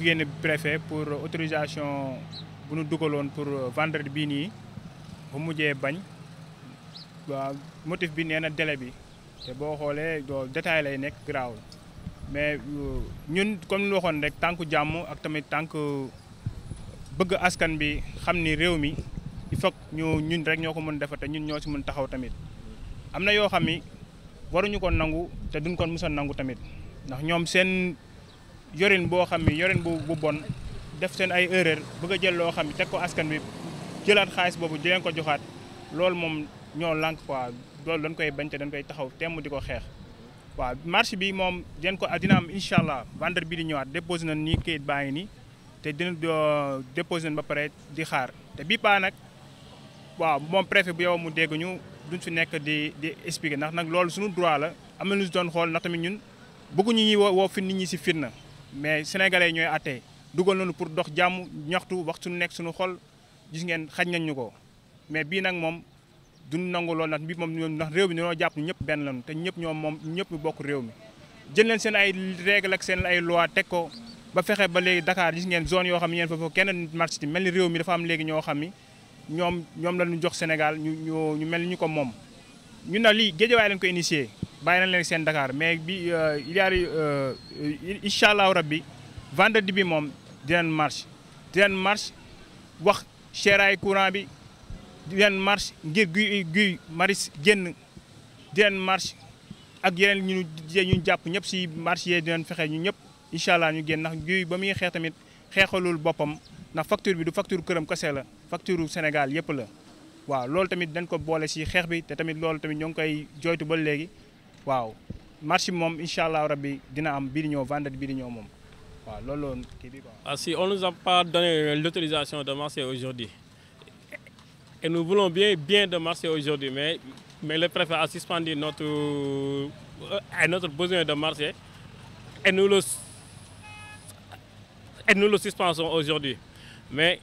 génn préfet pour autorisation bu nu dugaloon pour euh, vendredi bii nii bu mujjee bañ waaw motif bi nee na délai bi te boo xoolee détail lay nekk garaawul mais euh, ñun comme lu waxoon rek tànku jàmm ak tamit tànk euh, bëgg askan bi xam ni réew mi il faut ñu ñun rek ñoo ko mën defar te ñun ñoo si mën taxaw tamit am na yoo xam ni waruñu ko nangu te duñ ko mës a nangu tamit ndax ñoom yorin boo xam ni yorin bu bu bon def seen ay erreur bëgg jël loo xam ni teg ko askan bi jëlaat xaalis boobu di leen ko joxaat loolu moom ñoo lànk quoi loolu dañ koy bañ te dañ koy taxaw temm di ko xeex. waaw marche bi moom den ko dina am incha allah vendredi bi di ñëwaat déposé nañ nii kayit baa ngi nii te dina déposé nañ ba pare di xaar te bii paa nag waaw moom préfet bu yow mu dégg ñu duñ si nekk di di expliquer ndax nag loolu suñu droit la am na lu ñu doon xool ndax tamit ñun bëgguñu ñuy woo woo fi nit ñi si fitna. mais sénégalais ñooy àttee dugal nañu pour dox jàmm ñaxtu wax suñu nekk suñu xol gis ngeen xañ nañ ñu ko mais bii nag moom duñ nangu loolu nag bi moom ndax réew mi dañoo ñëpp benn lañu te ñëpp ñoom moom ñëpp bokk réew mi jël leen seen ay règle ak seen ay loi teg ko ba fexe ba léegi Dakar gis ngeen zone yoo xam ne yéen foofu kenn marché ci mel ni réew mi dafa am léegi ñoo xam ni ñoom ñoom la ñu jox Sénégal ñu ñu mel ni ñu ko moom ñu na lii Géejawaay lañ ko initié bàyyi leen sen Dakar mais bi euh, y a euh, inshallah rabbi vendredi bi mom dinañ marche dinañ marche wax cheray courant bi dinañ marche ngir Guy Guy maris genn dinañ marche ak yeneen ñu ñu japp ñep si marche yee dinañ fexe ñu ñep inshallah ñu genn ndax Guy ba mi xex tamit xexalul faktur na facture bi du facture kërëm kese la facture Sénégal yëpp la waaw lool tamit dañ ko bolé si xex bi té tamit lool tamit ñong koy joytu ba légui waaw Marché marché, Inch'Allah, dina am ah, si on nous a pas donné l'autorisation de marcher aujourd'hui et nous voulons bien bien de marcher aujourd'hui mais mais le préfet a suspendu notre euh, notre besoin de marcher et nous le et nous le suspensons aujourd'hui mais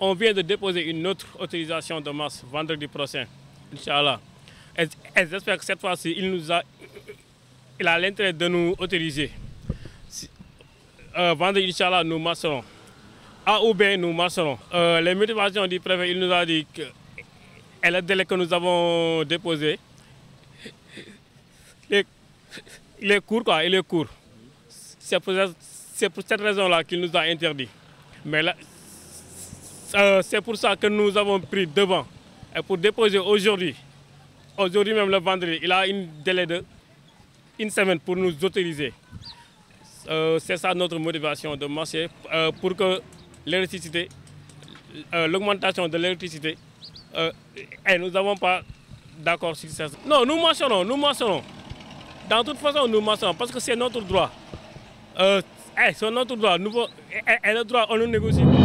on vient de déposer une autre autorisation de marche vendredi prochain Inch'Allah et, j'espère que cette fois-ci, il nous a, il a l'intérêt de nous autoriser. Euh, vendredi, Inch'Allah, nous marcherons. A ou B, nous marcherons. Euh, les motivations du préfet, il nous a dit que et le délai que nous avons déposé, les quoi, il est court. C'est pour, cette raison-là qu'il nous a interdit. Mais euh, c'est pour ça que nous avons pris devant et pour déposer aujourd'hui aujourd'hui même le vendredi, il a un délai de une semaine pour nous autoriser. Euh, c'est ça notre motivation de marcher euh, pour que l'électricité, euh, l'augmentation de l'électricité, et nous n'avons pas d'accord sur ça. Non, nous marcherons, nous marcherons. Dans toute façon, nous marcherons parce que c'est notre droit. Eh, c'est notre droit. et, eh, eh, droit, on nous négocie